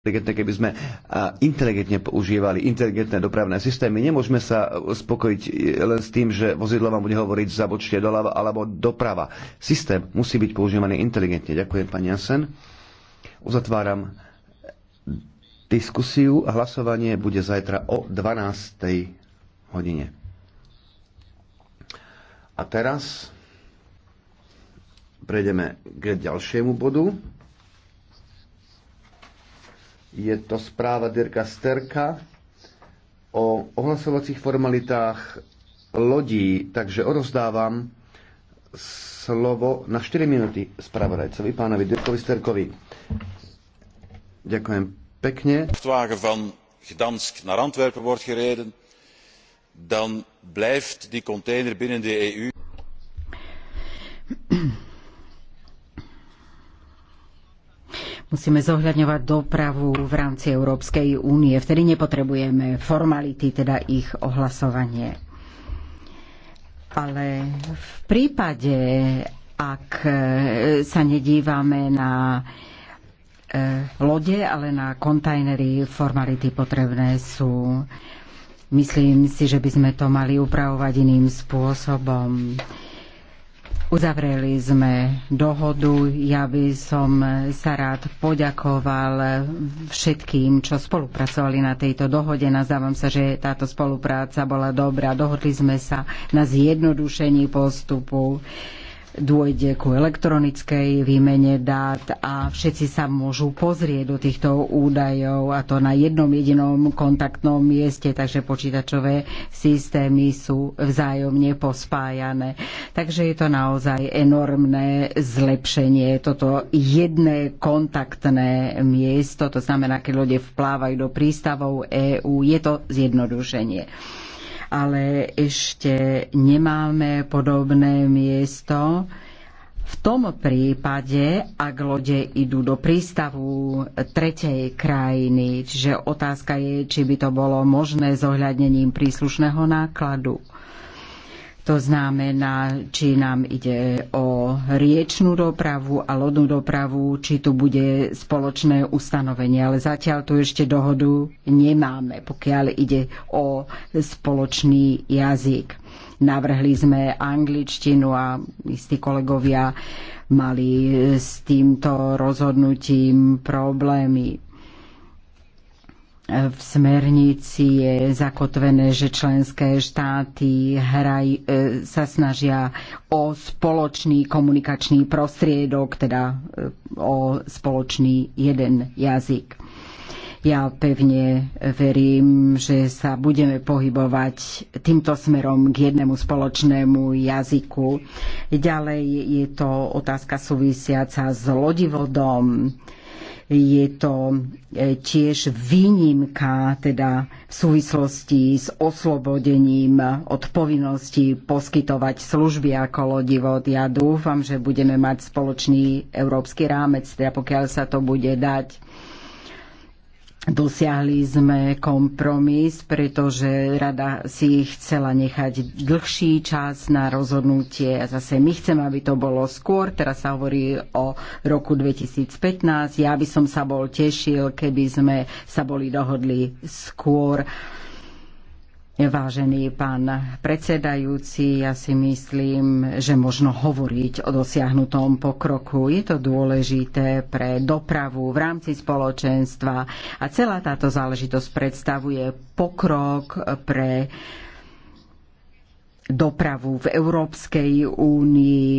inteligentné, keby sme inteligentne používali inteligentné dopravné systémy. Nemôžeme sa e, spokojiť e, len s tým, že vozidlo vám bude hovoriť zabočte doľava alebo doprava. Systém musí byť používaný inteligentne. Ďakujem, pani Jansen. Uzatváram e, diskusiu. a Hlasovanie bude zajtra o 12. hodine. A teraz prejdeme k ďalšiemu bodu. Je to správa Dirka Sterka o ohlasovacích formalitách lodí, takže odovzdávam slovo na 4 minúty spravodajcovi, pánovi Dirkovi Sterkovi. Ďakujem pekne. Vtvágen van Gdansk naar Antwerpen wordt gereden, dan blijft die container binnen de EU Musíme zohľadňovať dopravu v rámci Európskej únie. Vtedy nepotrebujeme formality, teda ich ohlasovanie. Ale v prípade, ak e, sa nedívame na e, lode, ale na kontajnery formality potrebné sú. Myslím si, že by sme to mali upravovať iným spôsobom. Uzavreli sme dohodu. Ja by som sa rád poďakoval všetkým, čo spolupracovali na tejto dohode. Nazávam sa, že táto spolupráca bola dobrá. Dohodli sme sa na zjednodušení postupu dôjde ku elektronickej výmene dát a všetci sa môžu pozrieť do týchto údajov a to na jednom jedinom kontaktnom mieste, takže počítačové systémy sú vzájomne pospájané. Takže je to naozaj enormné zlepšenie. Toto jedné kontaktné miesto, to znamená, keď ľudia vplávajú do prístavov EÚ, je to zjednodušenie ale ešte nemáme podobné miesto. V tom prípade, ak lode idú do prístavu tretej krajiny, čiže otázka je, či by to bolo možné zohľadnením príslušného nákladu. To znamená, či nám ide o riečnú dopravu a lodnú dopravu, či tu bude spoločné ustanovenie, ale zatiaľ tu ešte dohodu nemáme, pokiaľ ide o spoločný jazyk. Navrhli sme angličtinu a istí kolegovia mali s týmto rozhodnutím problémy v smernici je zakotvené, že členské štáty hraj, e, sa snažia o spoločný komunikačný prostriedok, teda e, o spoločný jeden jazyk. Ja pevne verím, že sa budeme pohybovať týmto smerom k jednému spoločnému jazyku. Ďalej je to otázka súvisiaca s lodivodom je to e, tiež výnimka teda v súvislosti s oslobodením od povinnosti poskytovať služby ako lodivod. Ja dúfam, že budeme mať spoločný európsky rámec, teda pokiaľ sa to bude dať Dosiahli sme kompromis, pretože rada si chcela nechať dlhší čas na rozhodnutie. A zase my chceme, aby to bolo skôr. Teraz sa hovorí o roku 2015. Ja by som sa bol tešil, keby sme sa boli dohodli skôr. Vážený pán predsedajúci, ja si myslím, že možno hovoriť o dosiahnutom pokroku. Je to dôležité pre dopravu v rámci spoločenstva a celá táto záležitosť predstavuje pokrok pre dopravu v Európskej únii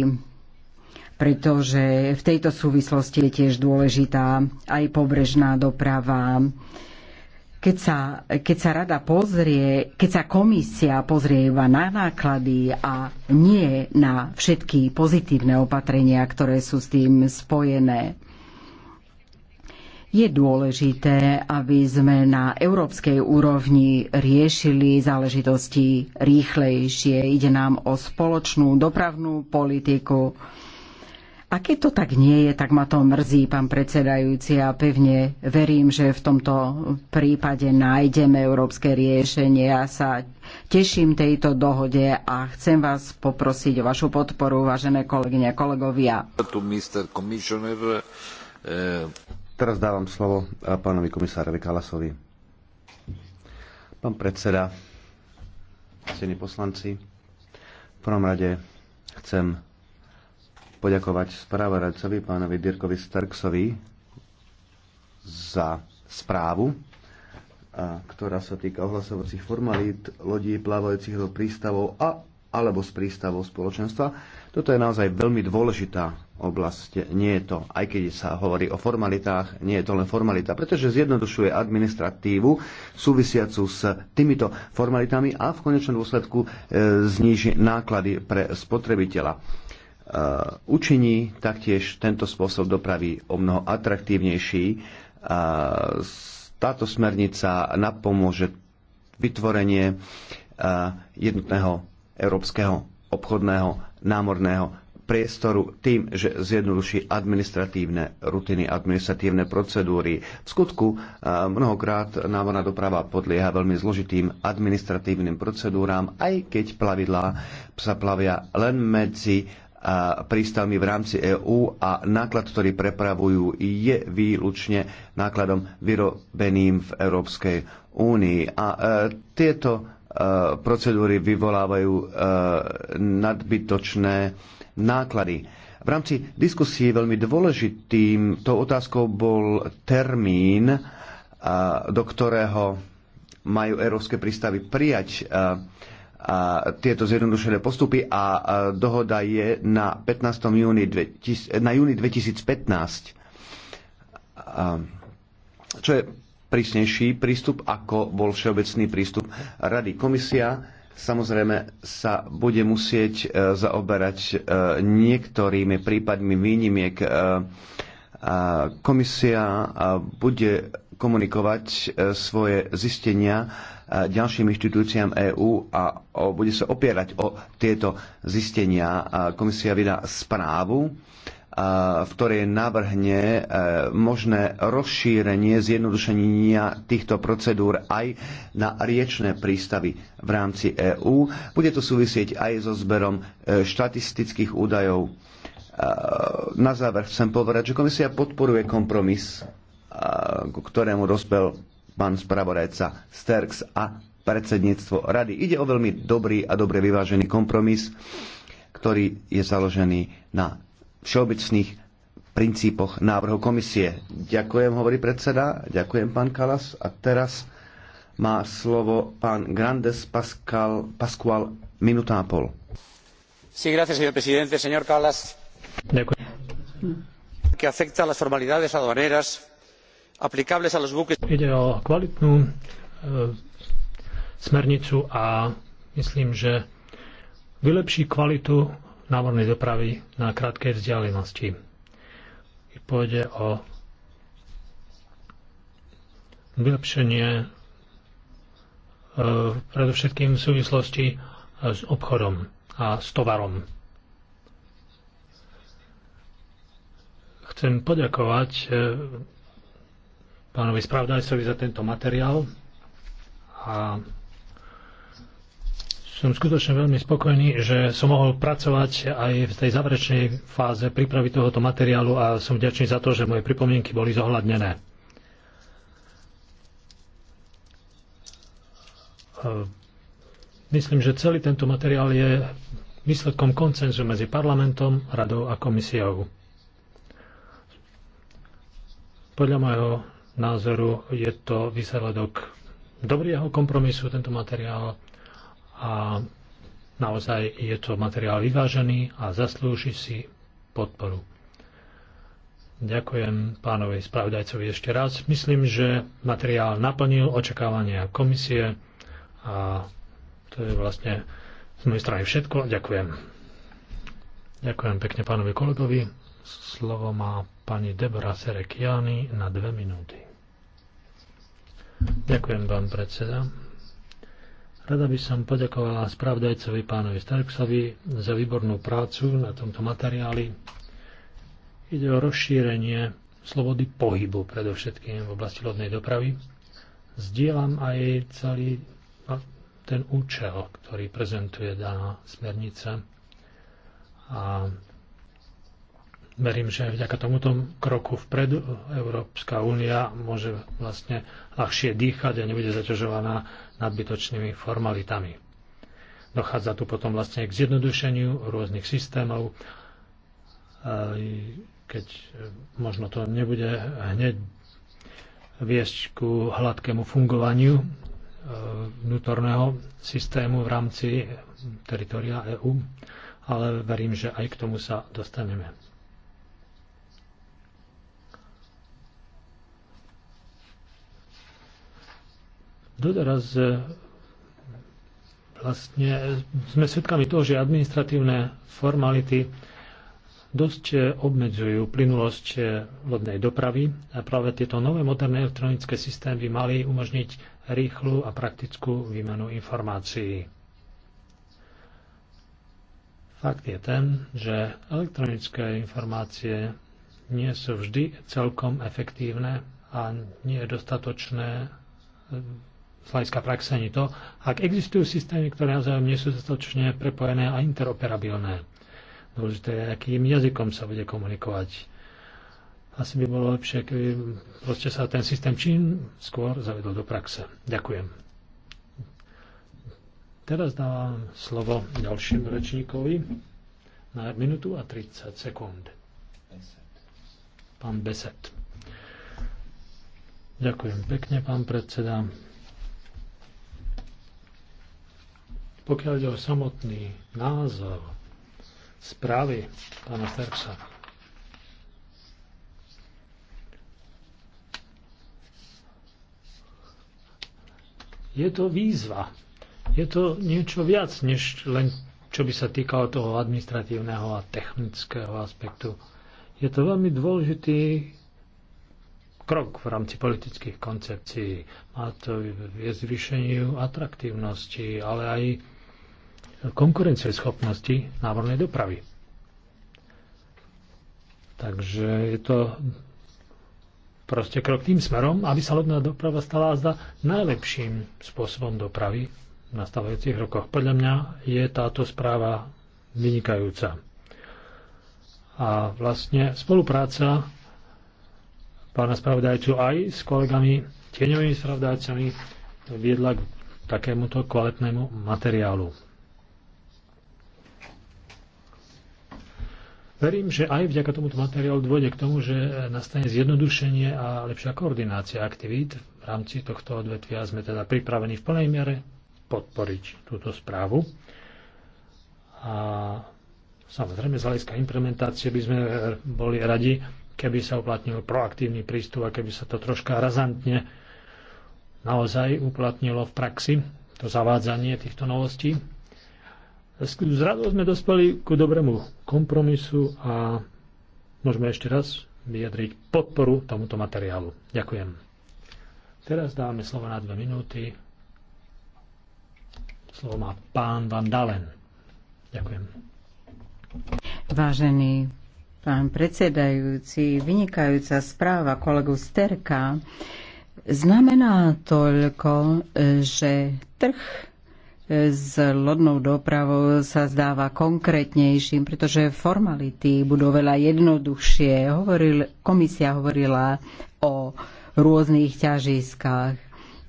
pretože v tejto súvislosti je tiež dôležitá aj pobrežná doprava. Keď sa, keď sa rada pozrie, keď sa komisia pozrie iba na náklady a nie na všetky pozitívne opatrenia, ktoré sú s tým spojené, je dôležité, aby sme na európskej úrovni riešili záležitosti rýchlejšie. Ide nám o spoločnú dopravnú politiku, a keď to tak nie je, tak ma to mrzí, pán predsedajúci, a pevne verím, že v tomto prípade nájdeme európske riešenie. Ja sa teším tejto dohode a chcem vás poprosiť o vašu podporu, vážené kolegyne a kolegovia. Eh, Teraz dávam slovo eh, pánovi komisárovi Kalasovi. Pán predseda, ctení poslanci, v prvom rade chcem poďakovať správoradcovi, pánovi Dirkovi Starksovi, za správu, ktorá sa týka ohlasovacích formalít lodí plávajúcich do prístavov a alebo z prístavov spoločenstva. Toto je naozaj veľmi dôležitá oblasť. Nie je to, aj keď sa hovorí o formalitách, nie je to len formalita, pretože zjednodušuje administratívu súvisiacu s týmito formalitami a v konečnom dôsledku e, zníži náklady pre spotrebiteľa Uh, učiní taktiež tento spôsob dopravy o mnoho atraktívnejší. Uh, táto smernica napomôže vytvorenie uh, jednotného európskeho obchodného námorného priestoru tým, že zjednoduší administratívne rutiny, administratívne procedúry. V skutku mnohokrát námorná doprava podlieha veľmi zložitým administratívnym procedúram, aj keď plavidlá sa plavia len medzi prístavmi v rámci EÚ a náklad, ktorý prepravujú, je výlučne nákladom vyrobeným v Európskej únii. A e, tieto e, procedúry vyvolávajú e, nadbytočné náklady. V rámci diskusie veľmi dôležitým tou otázkou bol termín, do ktorého majú európske prístavy prijať a tieto zjednodušené postupy a dohoda je na, 15. Júni, na júni 2015, čo je prísnejší prístup ako bol všeobecný prístup Rady. Komisia samozrejme sa bude musieť e, zaoberať e, niektorými prípadmi výnimiek. E, komisia bude komunikovať svoje zistenia ďalším inštitúciám EÚ a bude sa opierať o tieto zistenia. Komisia vydá správu, v ktorej navrhne e, možné rozšírenie, zjednodušenia týchto procedúr aj na riečné prístavy v rámci EÚ. Bude to súvisieť aj so zberom e, štatistických údajov. Na záver chcem povedať, že komisia podporuje kompromis, ku ktorému dospel pán spravodajca Sterks a predsedníctvo rady. Ide o veľmi dobrý a dobre vyvážený kompromis, ktorý je založený na všeobecných princípoch návrhu komisie. Ďakujem, hovorí predseda. Ďakujem, pán Kalas. A teraz má slovo pán Grandes Pascal, Pascual, minuta a pol. Sí, gracias, señor presidente. Señor Calas. Ďakujem. Que afecta a las formalidades aduaneras aplicables a los buques. Ide o kvalitnú e, smernicu a myslím, že vylepší kvalitu námornej dopravy na krátkej vzdialenosti. Pôjde o vylepšenie e, predovšetkým v súvislosti s obchodom a s tovarom. Chcem poďakovať e, pánovi spravodajcovi za tento materiál a som skutočne veľmi spokojný, že som mohol pracovať aj v tej záverečnej fáze prípravy tohoto materiálu a som vďačný za to, že moje pripomienky boli zohľadnené. E, myslím, že celý tento materiál je výsledkom koncenzu medzi parlamentom, radou a komisiou. Podľa môjho názoru je to výsledok dobrého kompromisu, tento materiál. A naozaj je to materiál vyvážený a zaslúži si podporu. Ďakujem pánovi spravodajcovi ešte raz. Myslím, že materiál naplnil očakávania komisie a to je vlastne z mojej strany všetko. Ďakujem. Ďakujem pekne pánovi kolegovi. Slovo má pani Debora Serekiani na dve minúty. Ďakujem vám, predseda. Rada by som poďakovala spravdajcovi pánovi Starksovi za výbornú prácu na tomto materiáli. Ide o rozšírenie slobody pohybu, predovšetkým v oblasti lodnej dopravy. Zdieľam aj celý no, ten účel, ktorý prezentuje daná smernica. A verím, že vďaka tomuto kroku vpredu Európska únia môže vlastne ľahšie dýchať a nebude zaťažovaná nadbytočnými formalitami. Dochádza tu potom vlastne k zjednodušeniu rôznych systémov, e, keď možno to nebude hneď viesť ku hladkému fungovaniu e, vnútorného systému v rámci teritoria EÚ, ale verím, že aj k tomu sa dostaneme. Doteraz e, vlastne e, sme svedkami toho, že administratívne formality dosť e, obmedzujú plynulosť lodnej dopravy a práve tieto nové moderné elektronické systémy by mali umožniť rýchlu a praktickú výmenu informácií. Fakt je ten, že elektronické informácie nie sú vždy celkom efektívne a nie je dostatočné z hľadiska praxe ani to, ak existujú systémy, ktoré navzájom nie sú dostatočne prepojené a interoperabilné. Dôležité je, akým jazykom sa bude komunikovať. Asi by bolo lepšie, keby proste sa ten systém čím skôr zavedol do praxe. Ďakujem. Teraz dávam slovo ďalším rečníkovi na minútu a 30 sekúnd. Pán Beset. Ďakujem pekne, pán predseda. Pokiaľ ide o samotný názov správy pána Ferksa, je to výzva. Je to niečo viac, než len čo by sa týkalo toho administratívneho a technického aspektu. Je to veľmi dôležitý krok v rámci politických koncepcií. Má to je zvýšeniu atraktívnosti, ale aj konkurencieschopnosti námornej dopravy. Takže je to proste krok tým smerom, aby sa lodná doprava stala zda najlepším spôsobom dopravy v nastavujúcich rokoch. Podľa mňa je táto správa vynikajúca. A vlastne spolupráca pána spravodajcu aj s kolegami tieňovými spravodajcami viedla k takémuto kvalitnému materiálu. Verím, že aj vďaka tomuto materiálu dôjde k tomu, že nastane zjednodušenie a lepšia koordinácia aktivít. V rámci tohto odvetvia sme teda pripravení v plnej miere podporiť túto správu. A samozrejme z hľadiska implementácie by sme boli radi, keby sa uplatnil proaktívny prístup a keby sa to troška razantne naozaj uplatnilo v praxi, to zavádzanie týchto novostí. S radou sme dospeli ku dobrému kompromisu a môžeme ešte raz vyjadriť podporu tomuto materiálu. Ďakujem. Teraz dávame slovo na dve minúty. Slovo má pán Van Dalen. Ďakujem. Vážený pán predsedajúci, vynikajúca správa kolegu Sterka znamená toľko, že trh s lodnou dopravou sa zdáva konkrétnejším, pretože formality budú veľa jednoduchšie. Hovoril, komisia hovorila o rôznych ťažiskách.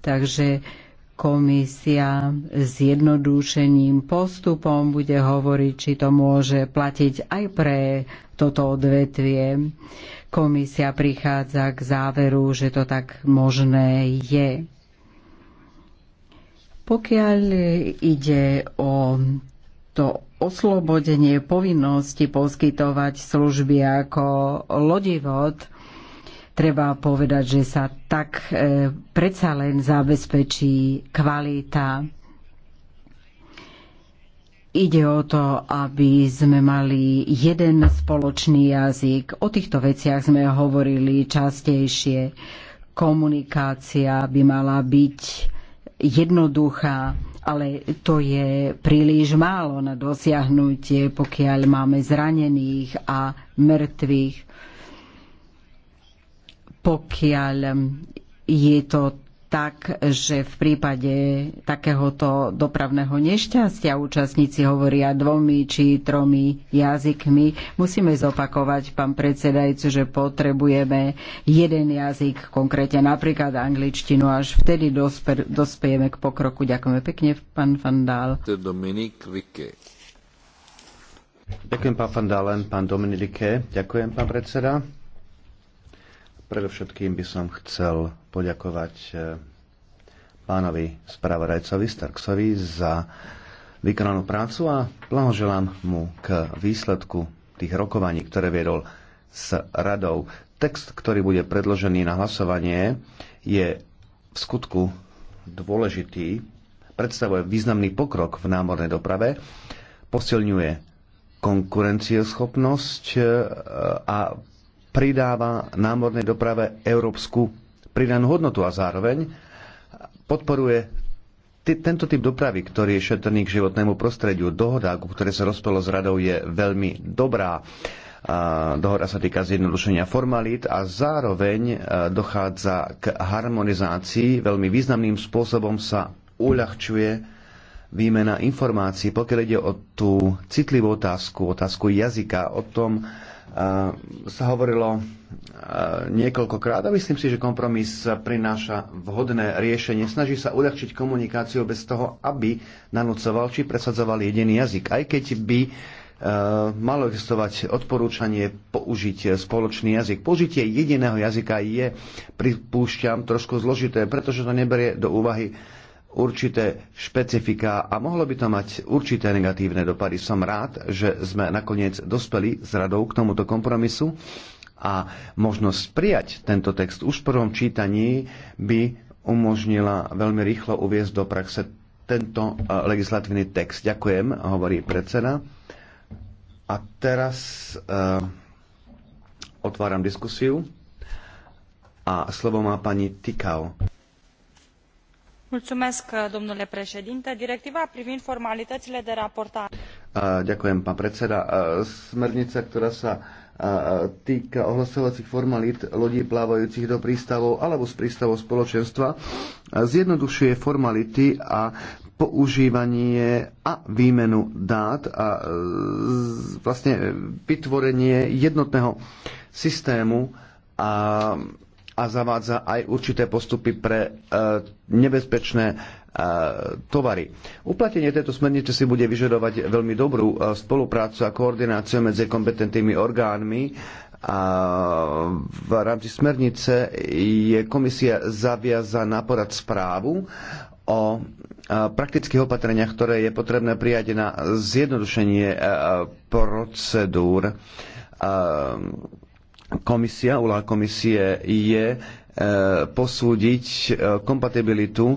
Takže komisia s jednodušením postupom bude hovoriť, či to môže platiť aj pre toto odvetvie. Komisia prichádza k záveru, že to tak možné je. Pokiaľ ide o to oslobodenie povinnosti poskytovať služby ako lodivod, treba povedať, že sa tak e, predsa len zabezpečí kvalita. Ide o to, aby sme mali jeden spoločný jazyk. O týchto veciach sme hovorili častejšie. Komunikácia by mala byť jednoduchá, ale to je príliš málo na dosiahnutie, pokiaľ máme zranených a mŕtvych. Pokiaľ je to tak, že v prípade takéhoto dopravného nešťastia účastníci hovoria dvomi či tromi jazykmi. Musíme zopakovať, pán predsedajúci, že potrebujeme jeden jazyk, konkrétne napríklad angličtinu, až vtedy dosper, dospejeme k pokroku. Ďakujeme pekne, pán Fandál. Ďakujem, pán Fandálen, pán Dominik Ďakujem, pán predseda. Predovšetkým by som chcel poďakovať e, pánovi spravodajcovi Starksovi za vykonanú prácu a blahoželám mu k výsledku tých rokovaní, ktoré viedol s radou. Text, ktorý bude predložený na hlasovanie, je v skutku dôležitý, predstavuje významný pokrok v námornej doprave, posilňuje konkurencieschopnosť e, a pridáva námornej doprave európsku pridanú hodnotu a zároveň podporuje tento typ dopravy, ktorý je šetrný k životnému prostrediu. Dohoda, ku ktoré sa rozpelo s radou, je veľmi dobrá. A dohoda sa týka zjednodušenia formalít a zároveň dochádza k harmonizácii. Veľmi významným spôsobom sa uľahčuje výmena informácií, pokiaľ ide o tú citlivú otázku, otázku jazyka, o tom, Eh, sa hovorilo eh, niekoľkokrát a myslím si, že kompromis prináša vhodné riešenie. Snaží sa uľahčiť komunikáciu bez toho, aby nanúcoval či presadzoval jediný jazyk. Aj keď by eh, malo existovať odporúčanie použiť spoločný jazyk. Použitie jediného jazyka je, pripúšťam, trošku zložité, pretože to neberie do úvahy určité špecifika a mohlo by to mať určité negatívne dopady. Som rád, že sme nakoniec dospeli s radou k tomuto kompromisu a možnosť prijať tento text už v prvom čítaní by umožnila veľmi rýchlo uviezť do praxe tento eh, legislatívny text. Ďakujem, hovorí predseda. A teraz uh, otváram diskusiu a slovo má pani Tikau directiva privind formalitățile de raportare Smernica, ktorá sa týka ohlasovacích formalít lodí plávajúcich do prístavov alebo z prístavov spoločenstva, zjednodušuje formality a používanie a výmenu dát a vlastne vytvorenie jednotného systému a a zavádza aj určité postupy pre e, nebezpečné e, tovary. Uplatenie tejto smernice si bude vyžadovať veľmi dobrú e, spoluprácu a koordináciu medzi kompetentnými orgánmi. A v rámci smernice je komisia zaviazaná podať správu o praktických opatreniach, ktoré je potrebné prijať na zjednodušenie procedúr komisia, úloha komisie je e, posúdiť e, kompatibilitu e,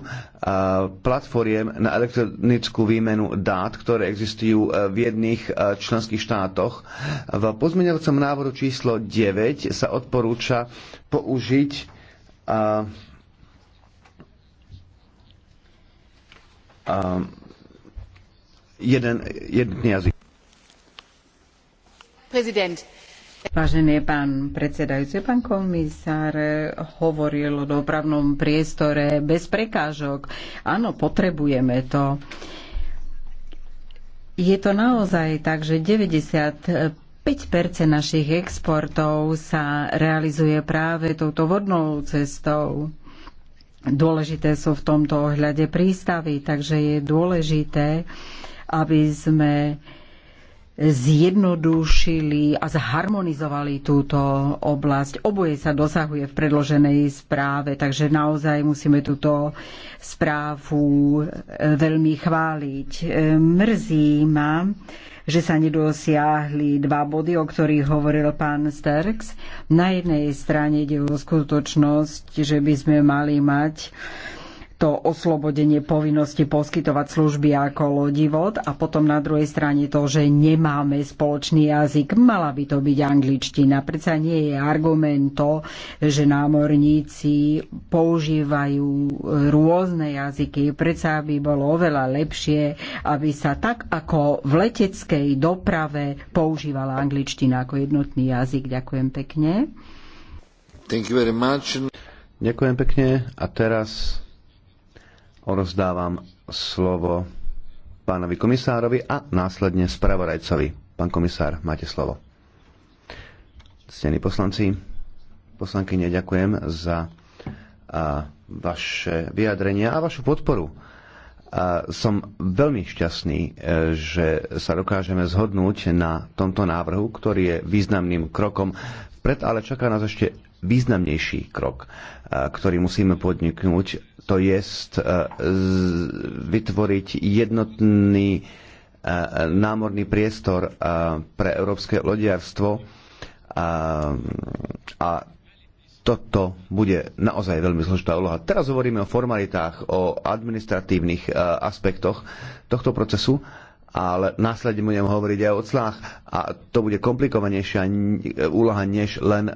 platformiem na elektronickú výmenu dát, ktoré existujú v jedných členských štátoch. V pozmeňovacom návrhu číslo 9 sa odporúča použiť jeden, jeden jazyk. Prezident, Vážený pán predsedajúci, pán komisár hovoril o dopravnom priestore bez prekážok. Áno, potrebujeme to. Je to naozaj tak, že 95% našich exportov sa realizuje práve touto vodnou cestou. Dôležité sú v tomto ohľade prístavy, takže je dôležité, aby sme zjednodušili a zharmonizovali túto oblasť. Oboje sa dosahuje v predloženej správe, takže naozaj musíme túto správu e, veľmi chváliť. E, mrzí ma, že sa nedosiahli dva body, o ktorých hovoril pán Sterks. Na jednej strane ide o skutočnosť, že by sme mali mať to oslobodenie povinnosti poskytovať služby ako lodivod a potom na druhej strane to, že nemáme spoločný jazyk. Mala by to byť angličtina. Predsa nie je argument to, že námorníci používajú rôzne jazyky. Predsa by bolo oveľa lepšie, aby sa tak ako v leteckej doprave používala angličtina ako jednotný jazyk. Ďakujem pekne. Thank you very much. Ďakujem pekne a teraz Rozdávam slovo pánovi komisárovi a následne spravodajcovi. Pán komisár, máte slovo. Ctení poslanci, poslankyne, ďakujem za a, vaše vyjadrenia a vašu podporu. A som veľmi šťastný, e, že sa dokážeme zhodnúť na tomto návrhu, ktorý je významným krokom Pred ale čaká nás ešte významnejší krok, e, ktorý musíme podniknúť, to je e, vytvoriť jednotný e, námorný priestor pre európske lodiarstvo a, a toto bude naozaj veľmi zložitá úloha. Teraz hovoríme o formalitách, o administratívnych aspektoch tohto procesu, ale následne budem hovoriť aj o clách a to bude komplikovanejšia úloha než len e,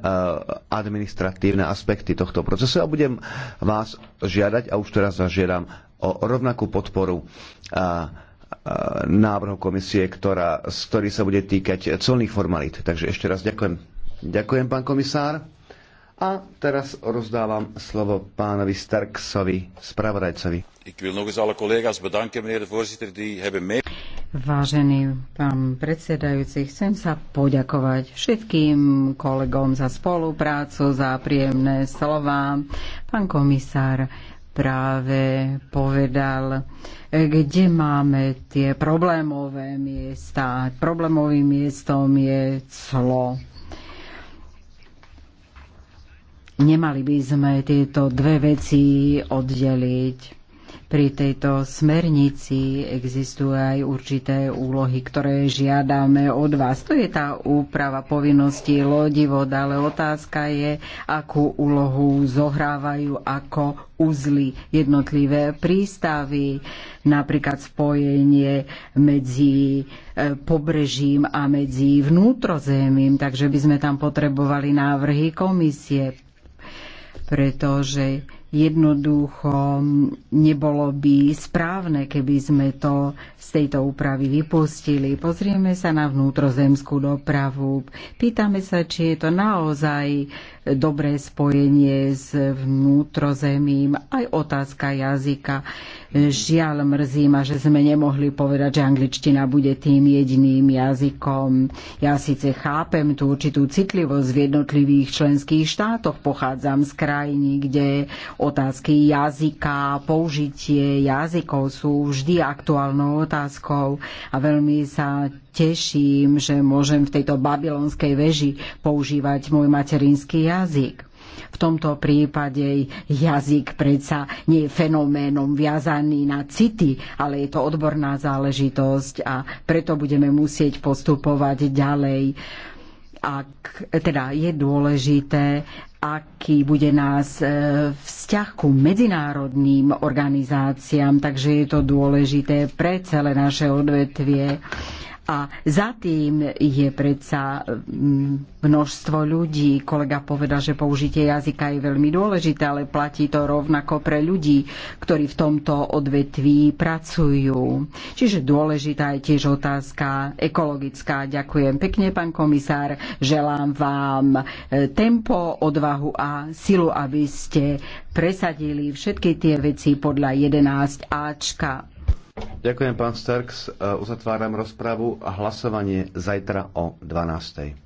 administratívne aspekty tohto procesu a budem vás žiadať a už teraz vás žiadam o rovnakú podporu e, e, návrhu komisie, ktorá, z ktorý sa bude týkať colných formalít. Takže ešte raz ďakujem. Ďakujem, pán komisár. A teraz rozdávam slovo pánovi Starksovi, spravodajcovi. Ik wil nog eens alle collega's bedanken, meneer de voorzitter, die hebben mee... Vážený pán predsedajúci, chcem sa poďakovať všetkým kolegom za spoluprácu, za príjemné slova. Pán komisár práve povedal, kde máme tie problémové miesta. Problémovým miestom je clo. Nemali by sme tieto dve veci oddeliť pri tejto smernici existujú aj určité úlohy, ktoré žiadame od vás. To je tá úprava povinností lodivod, ale otázka je, akú úlohu zohrávajú ako uzly jednotlivé prístavy, napríklad spojenie medzi e, pobrežím a medzi vnútrozemím, takže by sme tam potrebovali návrhy komisie, pretože Jednoducho nebolo by správne, keby sme to z tejto úpravy vypustili. Pozrieme sa na vnútrozemskú dopravu. Pýtame sa, či je to naozaj dobré spojenie s vnútrozemím. Aj otázka jazyka. Žiaľ mrzí ma, že sme nemohli povedať, že angličtina bude tým jediným jazykom. Ja síce chápem tú určitú citlivosť v jednotlivých členských štátoch. Pochádzam z krajiny, kde Otázky jazyka, použitie jazykov sú vždy aktuálnou otázkou a veľmi sa teším, že môžem v tejto babylonskej veži používať môj materinský jazyk. V tomto prípade jazyk predsa nie je fenoménom viazaný na city, ale je to odborná záležitosť a preto budeme musieť postupovať ďalej ak teda je dôležité, aký bude nás e, vzťah ku medzinárodným organizáciám, takže je to dôležité pre celé naše odvetvie. A za tým je predsa mm, množstvo ľudí. Kolega povedal, že použitie jazyka je veľmi dôležité, ale platí to rovnako pre ľudí, ktorí v tomto odvetví pracujú. Čiže dôležitá je tiež otázka ekologická. Ďakujem pekne, pán komisár. Želám vám e, tempo, odvahu a silu, aby ste presadili všetky tie veci podľa 11 Ačka Ďakujem, pán Starks. E, uzatváram rozpravu a hlasovanie zajtra o 12.00.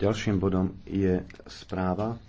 Ďalším bodom je správa